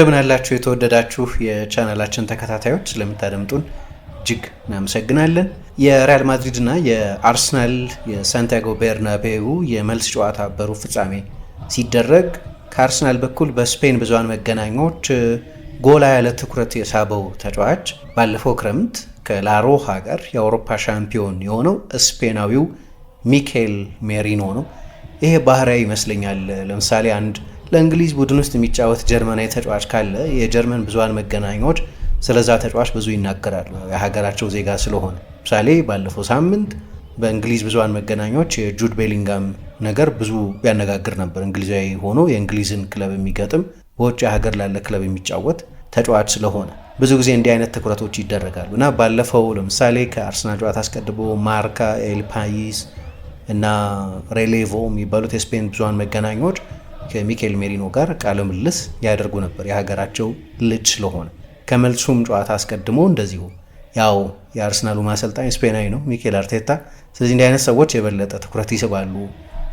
እንደምን አላችሁ የተወደዳችሁ የቻናላችን ተከታታዮች ስለምታደምጡን እጅግ እናመሰግናለን። የሪያል ማድሪድና የአርሰናል የሳንቲያጎ ቤርናቤው የመልስ ጨዋታ በሩብ ፍጻሜ ሲደረግ ከአርሰናል በኩል በስፔን ብዙሃን መገናኛዎች ጎላ ያለ ትኩረት የሳበው ተጫዋች ባለፈው ክረምት ከላሮሃ ጋር የአውሮፓ ሻምፒዮን የሆነው ስፔናዊው ሚካኤል ሜሪኖ ነው። ይሄ ባህሪያዊ ይመስለኛል። ለምሳሌ አንድ ለእንግሊዝ ቡድን ውስጥ የሚጫወት ጀርመናዊ ተጫዋች ካለ የጀርመን ብዙሃን መገናኛዎች ስለዛ ተጫዋች ብዙ ይናገራሉ፣ የሀገራቸው ዜጋ ስለሆነ። ምሳሌ ባለፈው ሳምንት በእንግሊዝ ብዙዋን መገናኛዎች የጁድ ቤሊንጋም ነገር ብዙ ያነጋግር ነበር። እንግሊዛዊ ሆኖ የእንግሊዝን ክለብ የሚገጥም በውጭ ሀገር ላለ ክለብ የሚጫወት ተጫዋች ስለሆነ ብዙ ጊዜ እንዲህ አይነት ትኩረቶች ይደረጋሉ እና ባለፈው ለምሳሌ ከአርሰናል ጨዋታ አስቀድሞ ማርካ፣ ኤል ፓይስ እና ሬሌቮ የሚባሉት የስፔን ብዙን መገናኛዎች ከሚካኤል ሜሪኖ ጋር ቃለ ምልልስ ያደርጉ ነበር የሀገራቸው ልጅ ስለሆነ። ከመልሱም ጨዋታ አስቀድሞ እንደዚሁ ያው የአርሰናሉ ማሰልጣኝ ስፔናዊ ነው ሚኬል አርቴታ። ስለዚህ እንዲህ አይነት ሰዎች የበለጠ ትኩረት ይስባሉ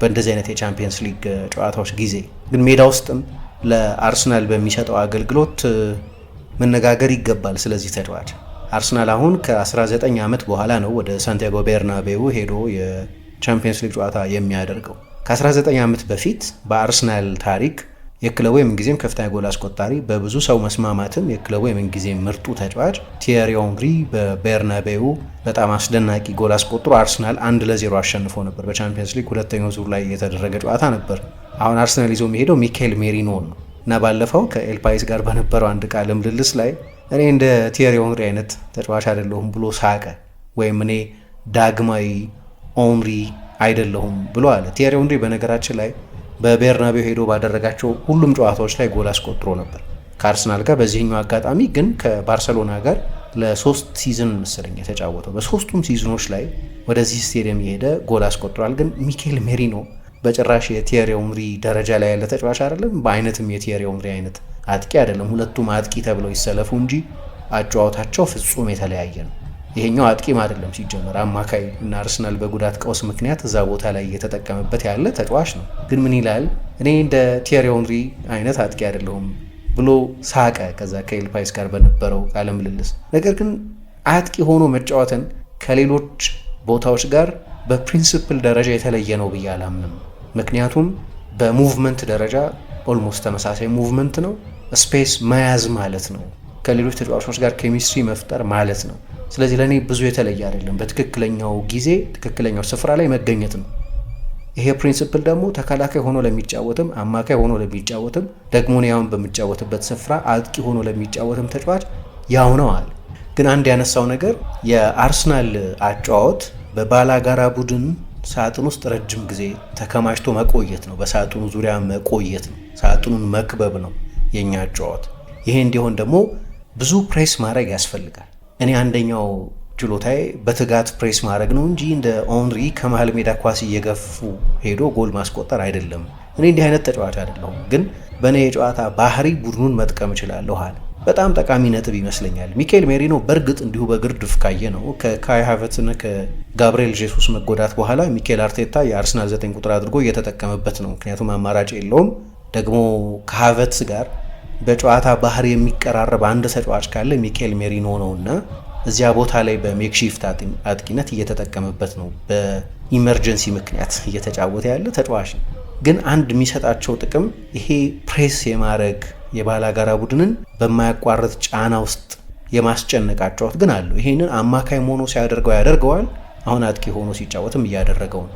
በእንደዚህ አይነት የቻምፒየንስ ሊግ ጨዋታዎች ጊዜ። ግን ሜዳ ውስጥም ለአርሰናል በሚሰጠው አገልግሎት መነጋገር ይገባል። ስለዚህ ተጫዋች አርሰናል አሁን ከ19 ዓመት በኋላ ነው ወደ ሳንቲያጎ ቤርናቤው ሄዶ የቻምፒየንስ ሊግ ጨዋታ የሚያደርገው። ከ19 ዓመት በፊት በአርሰናል ታሪክ የክለቡ የምንጊዜም ከፍተኛ ጎል አስቆጣሪ በብዙ ሰው መስማማትም የክለቡ የምንጊዜ ምርጡ ተጫዋች ቲየሪ ኦንሪ በቤርናቤው በጣም አስደናቂ ጎል አስቆጥሮ አርሰናል አንድ ለዜሮ አሸንፎ ነበር። በቻምፒየንስ ሊግ ሁለተኛው ዙር ላይ የተደረገ ጨዋታ ነበር። አሁን አርሰናል ይዞ የሚሄደው ሚካኤል ሜሪኖ ነው እና ባለፈው ከኤልፓይስ ጋር በነበረው አንድ ቃለ ምልልስ ላይ እኔ እንደ ቲየሪ ኦንሪ አይነት ተጫዋች አይደለሁም ብሎ ሳቀ። ወይም እኔ ዳግማዊ ኦንሪ አይደለሁም ብሏል። አለ። ቲየሪ ሄንሪ በነገራችን ላይ በቤርናቤው ሄዶ ባደረጋቸው ሁሉም ጨዋታዎች ላይ ጎል አስቆጥሮ ነበር ከአርሰናል ጋር። በዚህኛው አጋጣሚ ግን ከባርሰሎና ጋር ለሶስት ሲዝን መሰለኝ የተጫወተው። በሶስቱም ሲዝኖች ላይ ወደዚህ ስቴዲየም የሄደ ጎል አስቆጥሯል። ግን ሚኬል ሜሪኖ በጭራሽ የቲየሪ ሄንሪ ደረጃ ላይ ያለ ተጫዋች አይደለም። በአይነትም የቲየሪ ሄንሪ አይነት አጥቂ አይደለም። ሁለቱም አጥቂ ተብለው ይሰለፉ እንጂ አጨዋወታቸው ፍጹም የተለያየ ነው። ይሄኛው አጥቂም አይደለም ሲጀመር አማካይ እና አርሰናል በጉዳት ቀውስ ምክንያት እዛ ቦታ ላይ እየተጠቀመበት ያለ ተጫዋች ነው። ግን ምን ይላል እኔ እንደ ቲየሪ ኦንሪ አይነት አጥቂ አይደለሁም ብሎ ሳቀ ከዛ ከኤል ፓይስ ጋር በነበረው ቃለ ምልልስ። ነገር ግን አጥቂ ሆኖ መጫወትን ከሌሎች ቦታዎች ጋር በፕሪንስፕል ደረጃ የተለየ ነው ብዬ አላምንም። ምክንያቱም በሙቭመንት ደረጃ ኦልሞስት ተመሳሳይ ሙቭመንት ነው። ስፔስ መያዝ ማለት ነው። ከሌሎች ተጫዋቾች ጋር ኬሚስትሪ መፍጠር ማለት ነው። ስለዚህ ለእኔ ብዙ የተለየ አይደለም። በትክክለኛው ጊዜ ትክክለኛው ስፍራ ላይ መገኘት ነው። ይሄ ፕሪንስፕል ደግሞ ተከላካይ ሆኖ ለሚጫወትም አማካይ ሆኖ ለሚጫወትም ደግሞ ያውን በሚጫወትበት ስፍራ አጥቂ ሆኖ ለሚጫወትም ተጫዋች ያው ነው አለ። ግን አንድ ያነሳው ነገር የአርሰናል አጫዋወት በባላጋራ ቡድን ሳጥን ውስጥ ረጅም ጊዜ ተከማችቶ መቆየት ነው። በሳጥኑ ዙሪያ መቆየት ነው። ሳጥኑን መክበብ ነው የእኛ አጫዋወት። ይሄ እንዲሆን ደግሞ ብዙ ፕሬስ ማድረግ ያስፈልጋል። እኔ አንደኛው ችሎታዬ በትጋት ፕሬስ ማድረግ ነው እንጂ እንደ ኦንሪ ከመሀል ሜዳ ኳስ እየገፉ ሄዶ ጎል ማስቆጠር አይደለም። እኔ እንዲህ አይነት ተጫዋች አይደለሁም፣ ግን በእኔ የጨዋታ ባህሪ ቡድኑን መጥቀም እችላለሁ አለ። በጣም ጠቃሚ ነጥብ ይመስለኛል። ሚካኤል ሜሪኖ በእርግጥ እንዲሁ በግርድፍ ካየ ነው ከካይ ሃቨርትዝና ከጋብርኤል ጄሱስ መጎዳት በኋላ ሚካኤል አርቴታ የአርሰናል ዘጠኝ ቁጥር አድርጎ እየተጠቀመበት ነው። ምክንያቱም አማራጭ የለውም። ደግሞ ከሀቨት ጋር በጨዋታ ባህር የሚቀራረብ አንድ ተጫዋች ካለ ሚኬል ሜሪኖ ነው እና እዚያ ቦታ ላይ በሜክሺፍት አጥቂነት እየተጠቀመበት ነው። በኢመርጀንሲ ምክንያት እየተጫወተ ያለ ተጫዋች ነው። ግን አንድ የሚሰጣቸው ጥቅም ይሄ ፕሬስ የማድረግ የባላጋራ ቡድንን በማያቋርጥ ጫና ውስጥ የማስጨነቃቸዋት ግን አሉ። ይሄንን አማካይ ሆኖ ሲያደርገው ያደርገዋል። አሁን አጥቂ ሆኖ ሲጫወትም እያደረገው ነው።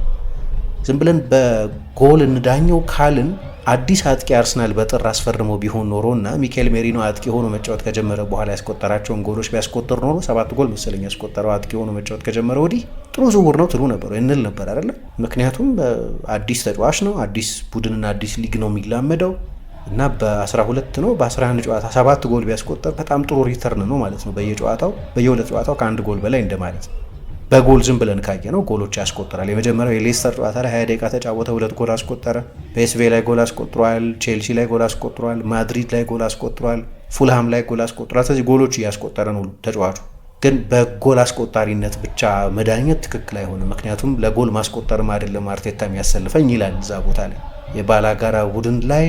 ዝም ብለን በጎል እንዳኘው ካልን አዲስ አጥቂ አርሰናል በጥር አስፈርሞ ቢሆን ኖሮ እና ሚካኤል ሜሪኖ አጥቂ ሆኖ መጫወት ከጀመረ በኋላ ያስቆጠራቸውን ጎሎች ቢያስቆጥር ኖሮ ሰባት ጎል መሰለኝ ያስቆጠረው አጥቂ ሆኖ መጫወት ከጀመረ ወዲህ ጥሩ ዝውውር ነው ትሉ ነበር እንል ነበር አይደለ? ምክንያቱም አዲስ ተጫዋች ነው፣ አዲስ ቡድንና አዲስ ሊግ ነው የሚላመደው እና በ12 ነው በ11 ጨዋታ ሰባት ጎል ቢያስቆጠር በጣም ጥሩ ሪተርን ነው ማለት ነው። በየጨዋታው በየሁለት ጨዋታው ከአንድ ጎል በላይ እንደማለት ነው። በጎል ዝም ብለን ካየ ነው ጎሎች ያስቆጥራል። የመጀመሪያው የሌስተር ጨዋታ ላይ ሀያ ደቂቃ ተጫወተ፣ ሁለት ጎል አስቆጠረ። ፔስቬ ላይ ጎል አስቆጥሯል፣ ቼልሲ ላይ ጎል አስቆጥሯል፣ ማድሪድ ላይ ጎል አስቆጥሯል፣ ፉልሃም ላይ ጎል አስቆጥሯል። ስለዚህ ጎሎች እያስቆጠረ ነው ተጫዋቹ። ግን በጎል አስቆጣሪነት ብቻ መዳኘት ትክክል አይሆንም። ምክንያቱም ለጎል ማስቆጠርም አይደለም አርቴታ የሚያሰልፈኝ ይላል። እዛ ቦታ ላይ የባላጋራ ቡድን ላይ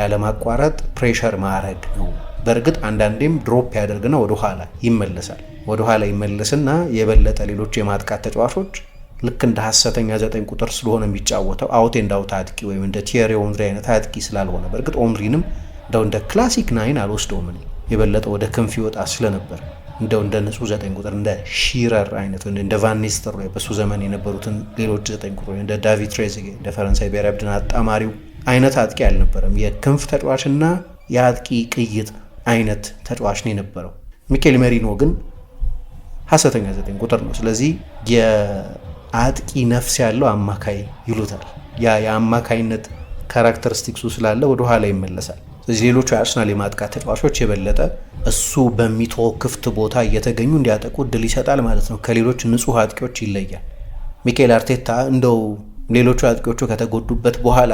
ያለማቋረጥ ፕሬሸር ማረግ ነው። በእርግጥ አንዳንዴም ድሮፕ ያደርግና ወደኋላ ይመለሳል። ወደ ኋላ ይመለስና የበለጠ ሌሎች የማጥቃት ተጫዋቾች ልክ እንደ ሀሰተኛ ዘጠኝ ቁጥር ስለሆነ የሚጫወተው አውቴ ኤንድ አጥቂ ወይም እንደ ቲየሪ ኦንሪ አይነት አጥቂ ስላልሆነ በእርግጥ ኦንሪንም እንደው እንደ ክላሲክ ናይን አልወስደውም እኔ የበለጠ ወደ ክንፍ ይወጣ ስለነበር እንደው እንደ ንጹህ ዘጠኝ ቁጥር እንደ ሺረር አይነት እንደ ቫኒስተር ወይ በሱ ዘመን የነበሩትን ሌሎች ዘጠኝ ቁጥር እንደ ዳቪድ ትሬዚጌ እንደ ፈረንሳይ ብሔራዊ ቡድን አጣማሪው አይነት አጥቂ አልነበረም። የክንፍ ተጫዋችና የአጥቂ ቅይጥ አይነት ተጫዋች ነው የነበረው። ሚኬል ሜሪኖ ግን ሀሰተኛ ዘጠኝ ቁጥር ነው። ስለዚህ የአጥቂ ነፍስ ያለው አማካይ ይሉታል። ያ የአማካይነት ካራክተሪስቲክሱ ስላለ ኋላ ይመለሳል። ስለዚህ ሌሎቹ የአርሰናል የማጥቃት ተጫዋቾች የበለጠ እሱ በሚቶ ክፍት ቦታ እየተገኙ እንዲያጠቁ እድል ይሰጣል ማለት ነው። ከሌሎች ንጹህ አጥቂዎች ይለያል። ሚካኤል አርቴታ እንደው ሌሎቹ አጥቂዎቹ ከተጎዱበት በኋላ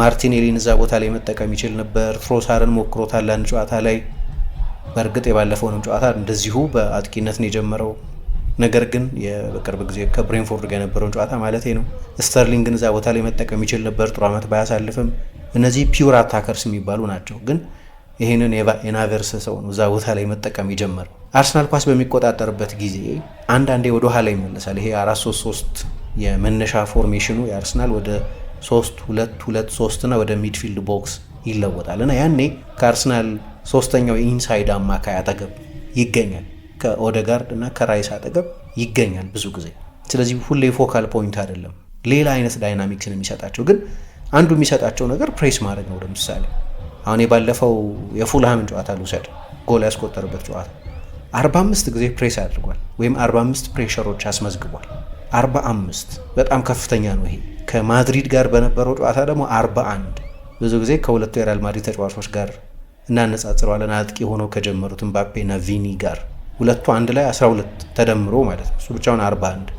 ማርቲኔሊን እዛ ቦታ ላይ መጠቀም ይችል ነበር። ፍሮሳርን ሞክሮታል አንድ ጨዋታ ላይ በእርግጥ የባለፈውንም ጨዋታ እንደዚሁ በአጥቂነት ነው የጀመረው። ነገር ግን በቅርብ ጊዜ ከብሬንፎርድ ጋር የነበረውን ጨዋታ ማለት ነው ስተርሊንግን እዛ ቦታ ላይ መጠቀም ይችል ነበር። ጥሩ ዓመት ባያሳልፍም እነዚህ ፒውር አታከርስ የሚባሉ ናቸው። ግን ይህንን የናቨርስ ሰው ነው እዛ ቦታ ላይ መጠቀም ይጀመር። አርሰናል ኳስ በሚቆጣጠርበት ጊዜ አንዳንዴ ወደ ኋላ ይመለሳል። ይሄ አራት ሶስት ሶስት የመነሻ ፎርሜሽኑ የአርሰናል ወደ ሶስት ሁለት ሁለት ሶስትና ወደ ሚድፊልድ ቦክስ ይለወጣል እና ያኔ ከአርሰናል ሶስተኛው የኢንሳይድ አማካይ አጠገብ ይገኛል። ከኦደጋርድ እና ከራይስ አጠገብ ይገኛል ብዙ ጊዜ። ስለዚህ ሁሌ ፎካል ፖይንት አይደለም፣ ሌላ አይነት ዳይናሚክስን የሚሰጣቸው ግን አንዱ የሚሰጣቸው ነገር ፕሬስ ማድረግ ነው። ለምሳሌ አሁን የባለፈው የፉልሃምን ጨዋታ ልውሰድ፣ ጎል ያስቆጠርበት ጨዋታ 45 ጊዜ ፕሬስ አድርጓል ወይም 45 ፕሬሸሮች አስመዝግቧል። 45 በጣም ከፍተኛ ነው ይሄ። ከማድሪድ ጋር በነበረው ጨዋታ ደግሞ 41 ብዙ ጊዜ ከሁለቱ የሪያል ማድሪድ ተጫዋቾች ጋር እናነጻጽረዋለን። አጥቂ ሆነው ከጀመሩት ምባፔና ቪኒ ጋር ሁለቱ አንድ ላይ 12 ተደምሮ ማለት ነው። እሱ ብቻውን 41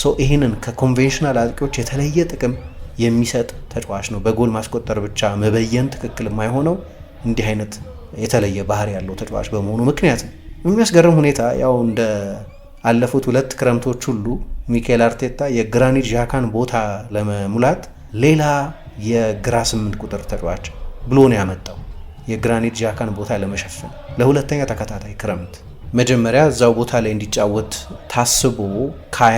ሶ ይህንን ከኮንቬንሽናል አጥቂዎች የተለየ ጥቅም የሚሰጥ ተጫዋች ነው። በጎል ማስቆጠር ብቻ መበየን ትክክል የማይሆነው እንዲህ አይነት የተለየ ባህሪ ያለው ተጫዋች በመሆኑ ምክንያት ነው። የሚያስገርም ሁኔታ ያው እንደ አለፉት ሁለት ክረምቶች ሁሉ ሚካኤል አርቴታ የግራኒት ዣካን ቦታ ለመሙላት ሌላ የግራ ስምንት ቁጥር ተጫዋች ብሎ ነው ያመጣው። የግራኒት ዣካን ቦታ ለመሸፈን ለሁለተኛ ተከታታይ ክረምት መጀመሪያ እዛው ቦታ ላይ እንዲጫወት ታስቦ ካይ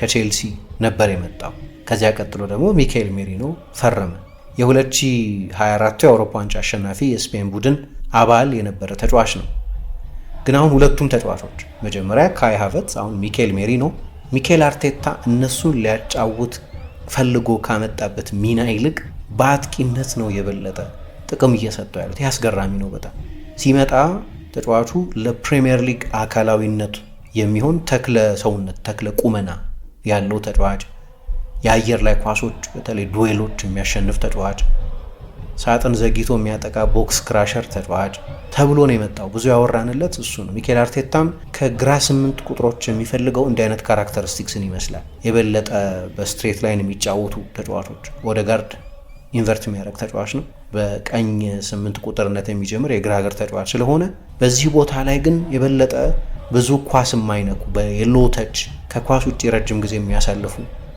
ከቼልሲ ነበር የመጣው። ከዚያ ቀጥሎ ደግሞ ሚካኤል ሜሪኖ ፈረመ። የ2024 የአውሮፓ ዋንጫ አሸናፊ የስፔን ቡድን አባል የነበረ ተጫዋች ነው። ግን አሁን ሁለቱም ተጫዋቾች መጀመሪያ ካይ አሁን ሚካኤል ሜሪኖ ሚካኤል አርቴታ እነሱን ሊያጫውት ፈልጎ ካመጣበት ሚና ይልቅ በአጥቂነት ነው የበለጠ ጥቅም እየሰጠው ያሉት። ይህ አስገራሚ ነው በጣም ሲመጣ ተጫዋቹ ለፕሪምየር ሊግ አካላዊነት የሚሆን ተክለ ሰውነት ተክለ ቁመና ያለው ተጫዋች፣ የአየር ላይ ኳሶች በተለይ ዱዌሎች የሚያሸንፍ ተጫዋች፣ ሳጥን ዘግይቶ የሚያጠቃ ቦክስ ክራሸር ተጫዋች ተብሎ ነው የመጣው። ብዙ ያወራንለት እሱ ነው። ሚኬል አርቴታም ከግራ ስምንት ቁጥሮች የሚፈልገው እንዲህ አይነት ካራክተሪስቲክስን ይመስላል። የበለጠ በስትሬት ላይን የሚጫወቱ ተጫዋቾች ኦደጋርድ ኢንቨርት የሚያደርግ ተጫዋች ነው። በቀኝ ስምንት ቁጥርነት የሚጀምር የግራ እግር ተጫዋች ስለሆነ በዚህ ቦታ ላይ ግን የበለጠ ብዙ ኳስ የማይነኩ የሎተች ከኳስ ውጭ ረጅም ጊዜ የሚያሳልፉ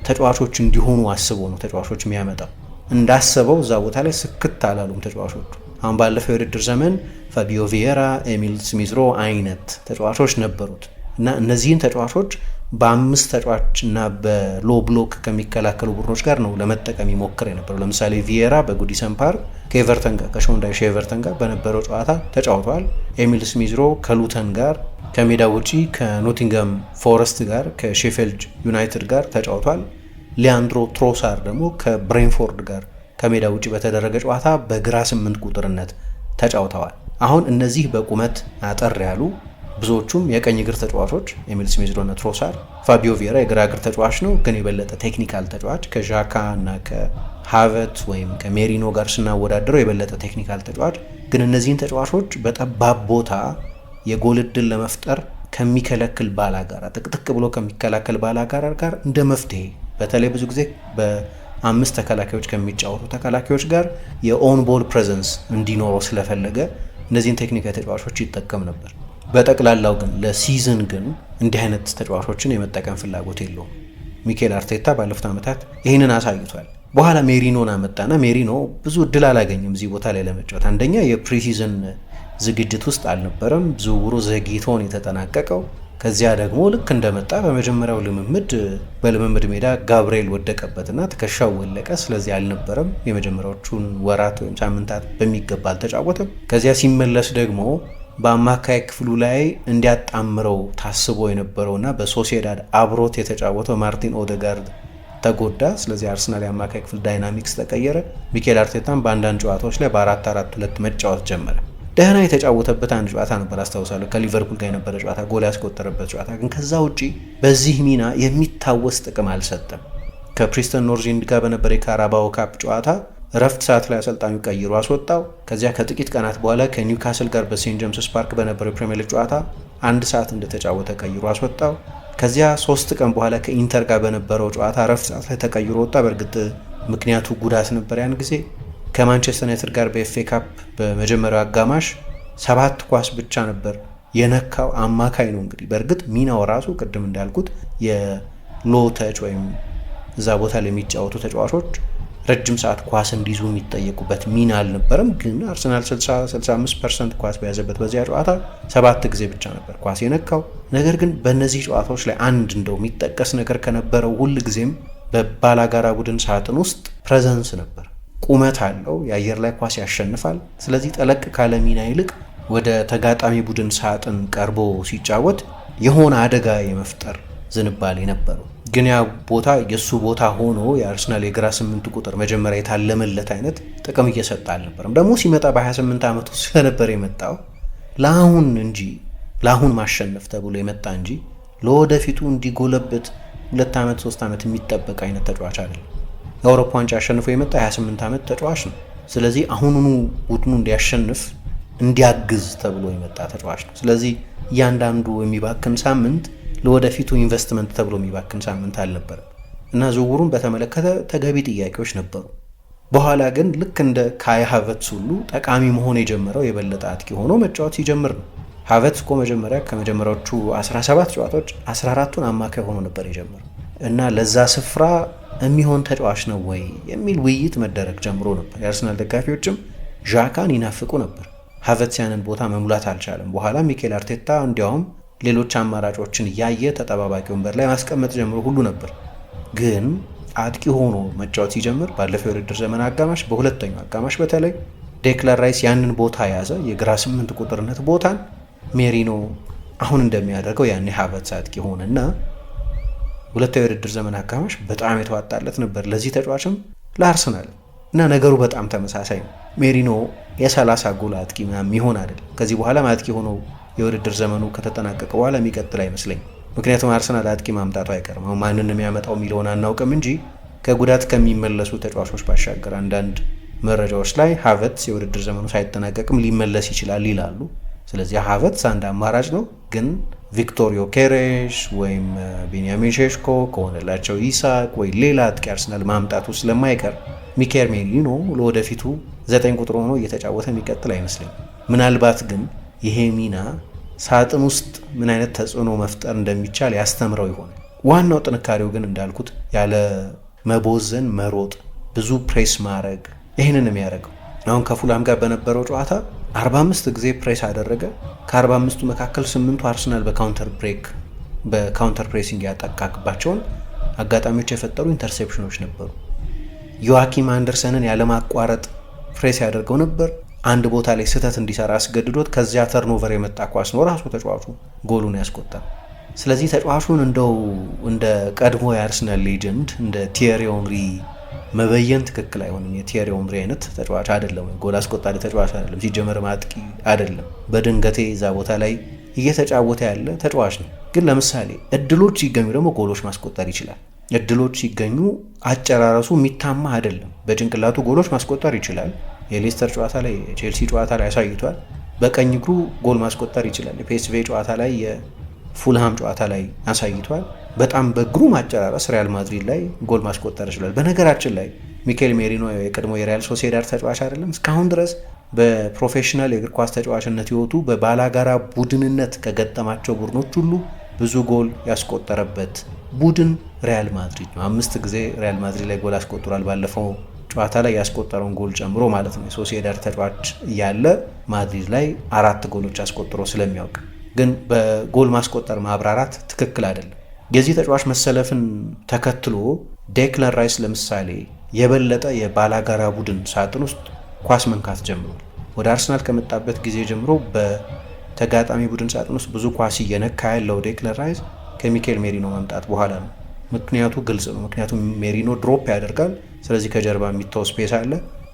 ተጫዋቾች እንዲሆኑ አስቦ ነው ተጫዋቾች የሚያመጣው። እንዳሰበው እዛ ቦታ ላይ ስክት አላሉም ተጫዋቾቹ። አሁን ባለፈው የውድድር ዘመን ፋቢዮ ቪየራ፣ ኤሚል ስሚዝሮ አይነት ተጫዋቾች ነበሩት እና እነዚህን ተጫዋቾች በአምስት ተጫዋችና በሎ ብሎክ ከሚከላከሉ ቡድኖች ጋር ነው ለመጠቀም ይሞክር የነበረው። ለምሳሌ ቪየራ በጉዲሰን ፓርክ ከኤቨርተን ጋር ከሾንዳይሽ ኤቨርተን ጋር በነበረው ጨዋታ ተጫውተዋል። ኤሚል ስሚዝሮ ከሉተን ጋር ከሜዳ ውጪ ከኖቲንገም ፎረስት ጋር ከሼፌልድ ዩናይትድ ጋር ተጫውቷል። ሊያንድሮ ትሮሳር ደግሞ ከብሬንፎርድ ጋር ከሜዳ ውጪ በተደረገ ጨዋታ በግራ ስምንት ቁጥርነት ተጫውተዋል። አሁን እነዚህ በቁመት አጠር ያሉ ብዙዎቹም የቀኝ እግር ተጫዋቾች ኤሚል ስሚዝ ትሮሳር፣ ፋቢዮ ቬራ የግራ እግር ተጫዋች ነው፣ ግን የበለጠ ቴክኒካል ተጫዋች ከዣካ እና ከሃቨት ወይም ከሜሪኖ ጋር ስናወዳደረው የበለጠ ቴክኒካል ተጫዋች ግን እነዚህን ተጫዋቾች በጠባብ ቦታ የጎል እድል ለመፍጠር ከሚከለክል ባላ ጋር ጥቅጥቅ ብሎ ከሚከላከል ባላ ጋር ጋር እንደ መፍትሄ በተለይ ብዙ ጊዜ በአምስት ተከላካዮች ከሚጫወቱ ተከላካዮች ጋር የኦን ቦል ፕሬዘንስ እንዲኖረው ስለፈለገ እነዚህን ቴክኒካዊ ተጫዋቾች ይጠቀም ነበር። በጠቅላላው ግን ለሲዝን ግን እንዲህ አይነት ተጫዋቾችን የመጠቀም ፍላጎት የለውም። ሚኬል አርቴታ ባለፉት ዓመታት ይህንን አሳይቷል። በኋላ ሜሪኖን አመጣና ሜሪኖ ብዙ እድል አላገኝም እዚህ ቦታ ላይ ለመጫወት። አንደኛ የፕሪሲዝን ዝግጅት ውስጥ አልነበረም፣ ዝውውሩ ዘግይቶን የተጠናቀቀው። ከዚያ ደግሞ ልክ እንደመጣ በመጀመሪያው ልምምድ በልምምድ ሜዳ ጋብርኤል ወደቀበትና ትከሻው ወለቀ። ስለዚህ አልነበረም የመጀመሪያዎቹን ወራት ወይም ሳምንታት በሚገባ አልተጫወተም። ከዚያ ሲመለስ ደግሞ በአማካይ ክፍሉ ላይ እንዲያጣምረው ታስቦ የነበረውና በሶሲዳድ አብሮት የተጫወተው ማርቲን ኦደጋርድ ተጎዳ። ስለዚህ አርሰናል የአማካይ ክፍል ዳይናሚክስ ተቀየረ። ሚኬል አርቴታም በአንዳንድ ጨዋታዎች ላይ በአራት አራት ሁለት መጫወት ጀመረ። ደህና የተጫወተበት አንድ ጨዋታ ነበር አስታውሳለሁ፣ ከሊቨርፑል ጋር የነበረ ጨዋታ፣ ጎል ያስቆጠረበት ጨዋታ። ግን ከዛ ውጪ በዚህ ሚና የሚታወስ ጥቅም አልሰጠም። ከፕሪስተን ኖርዚንድ ጋር በነበረ የካራባኦ ካፕ ጨዋታ እረፍት ሰዓት ላይ አሰልጣኙ ቀይሮ አስወጣው። ከዚያ ከጥቂት ቀናት በኋላ ከኒውካስል ጋር በሴንት ጄምስስ ፓርክ በነበረው የፕሪሚየር ሊግ ጨዋታ አንድ ሰዓት እንደተጫወተ ቀይሮ አስወጣው። ከዚያ ሶስት ቀን በኋላ ከኢንተር ጋር በነበረው ጨዋታ እረፍት ሰዓት ላይ ተቀይሮ ወጣ። በእርግጥ ምክንያቱ ጉዳት ነበር ያን ጊዜ። ከማንቸስተር ዩናይትድ ጋር በኤፍኤ ካፕ በመጀመሪያው አጋማሽ ሰባት ኳስ ብቻ ነበር የነካው አማካይ ነው። እንግዲህ በእርግጥ ሚናው ራሱ ቅድም እንዳልኩት የሎተች ወይም እዛ ቦታ ላይ የሚጫወቱ ተጫዋቾች ረጅም ሰዓት ኳስ እንዲይዙ የሚጠየቁበት ሚና አልነበረም። ግን አርሰናል 65 ፐርሰንት ኳስ በያዘበት በዚያ ጨዋታ ሰባት ጊዜ ብቻ ነበር ኳስ የነካው። ነገር ግን በእነዚህ ጨዋታዎች ላይ አንድ እንደው የሚጠቀስ ነገር ከነበረው ሁል ጊዜም በባላጋራ ቡድን ሳጥን ውስጥ ፕሬዘንስ ነበር። ቁመት አለው፣ የአየር ላይ ኳስ ያሸንፋል። ስለዚህ ጠለቅ ካለ ሚና ይልቅ ወደ ተጋጣሚ ቡድን ሳጥን ቀርቦ ሲጫወት የሆነ አደጋ የመፍጠር ዝንባሌ ነበረው። ግን ያ ቦታ የእሱ ቦታ ሆኖ የአርሰናል የግራ ስምንት ቁጥር መጀመሪያ የታለመለት አይነት ጥቅም እየሰጠ አልነበረም። ደግሞ ሲመጣ በ28 ዓመቱ ስለነበር የመጣው ለአሁን እንጂ ለአሁን ማሸነፍ ተብሎ የመጣ እንጂ ለወደፊቱ እንዲጎለበት ሁለት ዓመት ሶስት ዓመት የሚጠበቅ አይነት ተጫዋች አይደለም። የአውሮፓ ዋንጫ አሸንፎ የመጣ 28 ዓመት ተጫዋች ነው። ስለዚህ አሁኑኑ ቡድኑ እንዲያሸንፍ እንዲያግዝ ተብሎ የመጣ ተጫዋች ነው። ስለዚህ እያንዳንዱ የሚባክን ሳምንት ለወደፊቱ ኢንቨስትመንት ተብሎ የሚባክን ሳምንት አልነበረም እና ዝውውሩን በተመለከተ ተገቢ ጥያቄዎች ነበሩ። በኋላ ግን ልክ እንደ ካይ ሀቨትስ ሁሉ ጠቃሚ መሆን የጀመረው የበለጠ አጥቂ ሆኖ መጫወት ሲጀምር ነው። ሀቨትስ እኮ መጀመሪያ ከመጀመሪያዎቹ 17 ጨዋታዎች 14ቱን አማካይ ሆኖ ነበር የጀመረው እና ለዛ ስፍራ የሚሆን ተጫዋች ነው ወይ የሚል ውይይት መደረግ ጀምሮ ነበር። የአርሰናል ደጋፊዎችም ዣካን ይናፍቁ ነበር። ሀቨትስ ያንን ቦታ መሙላት አልቻለም። በኋላ ሚኬል አርቴታ እንዲያውም ሌሎች አማራጮችን እያየ ተጠባባቂ ወንበር ላይ ማስቀመጥ ጀምሮ ሁሉ ነበር። ግን አጥቂ ሆኖ መጫወት ሲጀምር ባለፈው የውድድር ዘመን አጋማሽ፣ በሁለተኛው አጋማሽ በተለይ ዴክላን ራይስ ያንን ቦታ የያዘ የግራ ስምንት ቁጥርነት ቦታን ሜሪኖ አሁን እንደሚያደርገው ያኔ ሀበት አጥቂ እና ሁለተኛው የውድድር ዘመን አጋማሽ በጣም የተዋጣለት ነበር ለዚህ ተጫዋችም ለአርሰናል እና ነገሩ በጣም ተመሳሳይ ነው። ሜሪኖ የሰላሳ ጎል አጥቂ ምናምን ይሆን አይደል ከዚህ በኋላ አጥቂ ሆኖ የውድድር ዘመኑ ከተጠናቀቀ በኋላ የሚቀጥል አይመስለኝ ምክንያቱም አርሰናል አጥቂ ማምጣቱ አይቀርም። ማንን የሚያመጣው የሚለውን አናውቅም እንጂ ከጉዳት ከሚመለሱ ተጫዋቾች ባሻገር አንዳንድ መረጃዎች ላይ ሀቨትስ የውድድር ዘመኑ ሳይጠናቀቅም ሊመለስ ይችላል ይላሉ። ስለዚህ ሀቨትስ አንድ አማራጭ ነው። ግን ቪክቶሪዮ ኬሬሽ ወይም ቤንያሚን ሼሽኮ ከሆነላቸው ኢሳቅ ወይ ሌላ አጥቂ አርሰናል ማምጣቱ ስለማይቀር ሚኬል ሜሪኖ ለወደፊቱ ዘጠኝ ቁጥር ሆኖ እየተጫወተ የሚቀጥል አይመስለኝም። ምናልባት ግን ይሄ ሚና ሳጥን ውስጥ ምን አይነት ተጽዕኖ መፍጠር እንደሚቻል ያስተምረው ይሆን? ዋናው ጥንካሬው ግን እንዳልኩት ያለ መቦዘን መሮጥ፣ ብዙ ፕሬስ ማድረግ፣ ይህንን የሚያደርገው አሁን ከፉላም ጋር በነበረው ጨዋታ 45 ጊዜ ፕሬስ አደረገ። ከ45ቱ መካከል ስምንቱ አርሰናል በካውንተር ብሬክ በካውንተር ፕሬሲንግ ያጠቃቅባቸውን አጋጣሚዎች የፈጠሩ ኢንተርሴፕሽኖች ነበሩ። ዮዋኪም አንደርሰንን ያለማቋረጥ ፕሬስ ያደርገው ነበር። አንድ ቦታ ላይ ስህተት እንዲሰራ አስገድዶት ከዚያ ተርኖቨር የመጣ ኳስ ነው ራሱ ተጫዋቹ ጎሉን ያስቆጠረ። ስለዚህ ተጫዋቹን እንደው እንደ ቀድሞ የአርሰናል ሌጀንድ እንደ ቲየሪ ኦንሪ መበየን ትክክል አይሆንም። የቲየሪ ኦንሪ አይነት ተጫዋች አይደለም፣ ወይም ጎል አስቆጣሪ ተጫዋች አይደለም፣ ሲጀመር ማጥቂ አይደለም። በድንገቴ እዛ ቦታ ላይ እየተጫወተ ያለ ተጫዋች ነው። ግን ለምሳሌ እድሎች ሲገኙ ደግሞ ጎሎች ማስቆጠር ይችላል። እድሎች ሲገኙ አጨራረሱ የሚታማ አይደለም። በጭንቅላቱ ጎሎች ማስቆጠር ይችላል። የሌስተር ጨዋታ ላይ ቼልሲ ጨዋታ ላይ አሳይቷል። በቀኝ እግሩ ጎል ማስቆጠር ይችላል። የፒኤስቬ ጨዋታ ላይ የፉልሃም ጨዋታ ላይ አሳይቷል። በጣም በእግሩ ማጨራረስ ሪያል ማድሪድ ላይ ጎል ማስቆጠር ይችላል። በነገራችን ላይ ሚኬል ሜሪኖ የቀድሞ የሪያል ሶሴዳድ ተጫዋች አይደለም። እስካሁን ድረስ በፕሮፌሽናል የእግር ኳስ ተጫዋችነት ህይወቱ በባላጋራ ቡድንነት ከገጠማቸው ቡድኖች ሁሉ ብዙ ጎል ያስቆጠረበት ቡድን ሪያል ማድሪድ ነው። አምስት ጊዜ ሪያል ማድሪድ ላይ ጎል አስቆጥሯል ባለፈው ጨዋታ ላይ ያስቆጠረውን ጎል ጨምሮ ማለት ነው። የሶሲዳድ ተጫዋች እያለ ማድሪድ ላይ አራት ጎሎች አስቆጥሮ ስለሚያውቅ ግን በጎል ማስቆጠር ማብራራት ትክክል አይደለም። የዚህ ተጫዋች መሰለፍን ተከትሎ ዴክለን ራይስ ለምሳሌ የበለጠ የባላጋራ ቡድን ሳጥን ውስጥ ኳስ መንካት ጀምሯል። ወደ አርሰናል ከመጣበት ጊዜ ጀምሮ በተጋጣሚ ቡድን ሳጥን ውስጥ ብዙ ኳስ እየነካ ያለው ዴክለን ራይስ ከሚካኤል ሜሪኖ መምጣት በኋላ ነው። ምክንያቱ ግልጽ ነው። ምክንያቱም ሜሪኖ ድሮፕ ያደርጋል ስለዚህ ከጀርባ የሚታው ስፔስ አለ።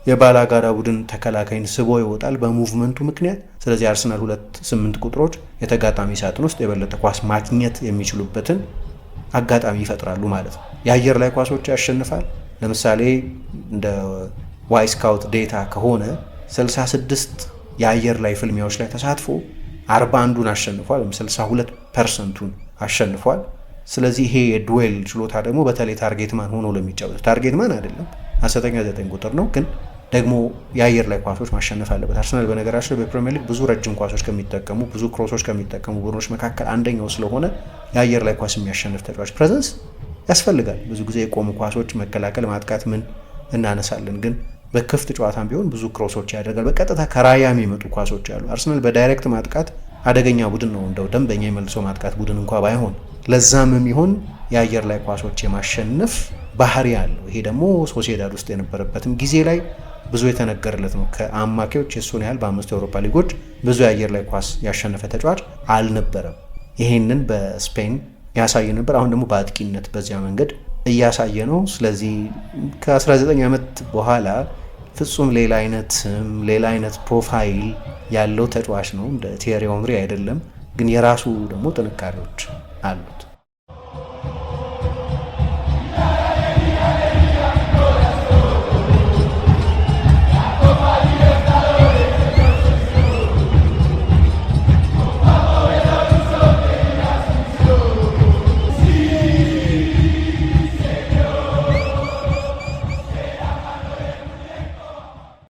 የባላጋራ ቡድን ተከላካይን ስቦ ይወጣል በሙቭመንቱ ምክንያት። ስለዚህ አርሰናል ሁለት ስምንት ቁጥሮች የተጋጣሚ ሳጥን ውስጥ የበለጠ ኳስ ማግኘት የሚችሉበትን አጋጣሚ ይፈጥራሉ ማለት ነው። የአየር ላይ ኳሶች ያሸንፋል። ለምሳሌ እንደ ዋይ ስካውት ዴታ ከሆነ 66 የአየር ላይ ፍልሚያዎች ላይ ተሳትፎ 41ዱን አሸንፏል ወይም 62 ፐርሰንቱን አሸንፏል። ስለዚህ ይሄ የድዌል ችሎታ ደግሞ በተለይ ታርጌትማን ሆኖ ለሚጫወቱ ታርጌትማን አይደለም አሰልጠኛ ዘጠኝ ቁጥር ነው ግን ደግሞ የአየር ላይ ኳሶች ማሸነፍ አለበት። አርሰናል በነገራችን ላይ በፕሪሚየር ሊግ ብዙ ረጅም ኳሶች ከሚጠቀሙ ብዙ ክሮሶች ከሚጠቀሙ ቡድኖች መካከል አንደኛው ስለሆነ የአየር ላይ ኳስ የሚያሸንፍ ተጫዋች ፕሬዘንስ ያስፈልጋል። ብዙ ጊዜ የቆሙ ኳሶች መከላከል፣ ማጥቃት ምን እናነሳለን፣ ግን በክፍት ጨዋታም ቢሆን ብዙ ክሮሶች ያደርጋል። በቀጥታ ከራያ የሚመጡ ኳሶች አሉ። አርሰናል በዳይሬክት ማጥቃት አደገኛ ቡድን ነው። እንደው ደንበኛ የመልሶ ማጥቃት ቡድን እንኳ ባይሆን ለዛም የሚሆን የአየር ላይ ኳሶች የማሸነፍ ባህሪ አለው። ይሄ ደግሞ ሶሲዳድ ውስጥ የነበረበትም ጊዜ ላይ ብዙ የተነገረለት ነው። ከአማካዮች የሱን ያህል በአምስቱ የአውሮፓ ሊጎች ብዙ የአየር ላይ ኳስ ያሸነፈ ተጫዋች አልነበረም። ይሄንን በስፔን ያሳየ ነበር። አሁን ደግሞ በአጥቂነት በዚያ መንገድ እያሳየ ነው። ስለዚህ ከ19 ዓመት በኋላ ፍጹም ሌላ አይነት ስም፣ ሌላ አይነት ፕሮፋይል ያለው ተጫዋች ነው። እንደ ቴሪ ኦምሪ አይደለም፣ ግን የራሱ ደግሞ ጥንካሬዎች and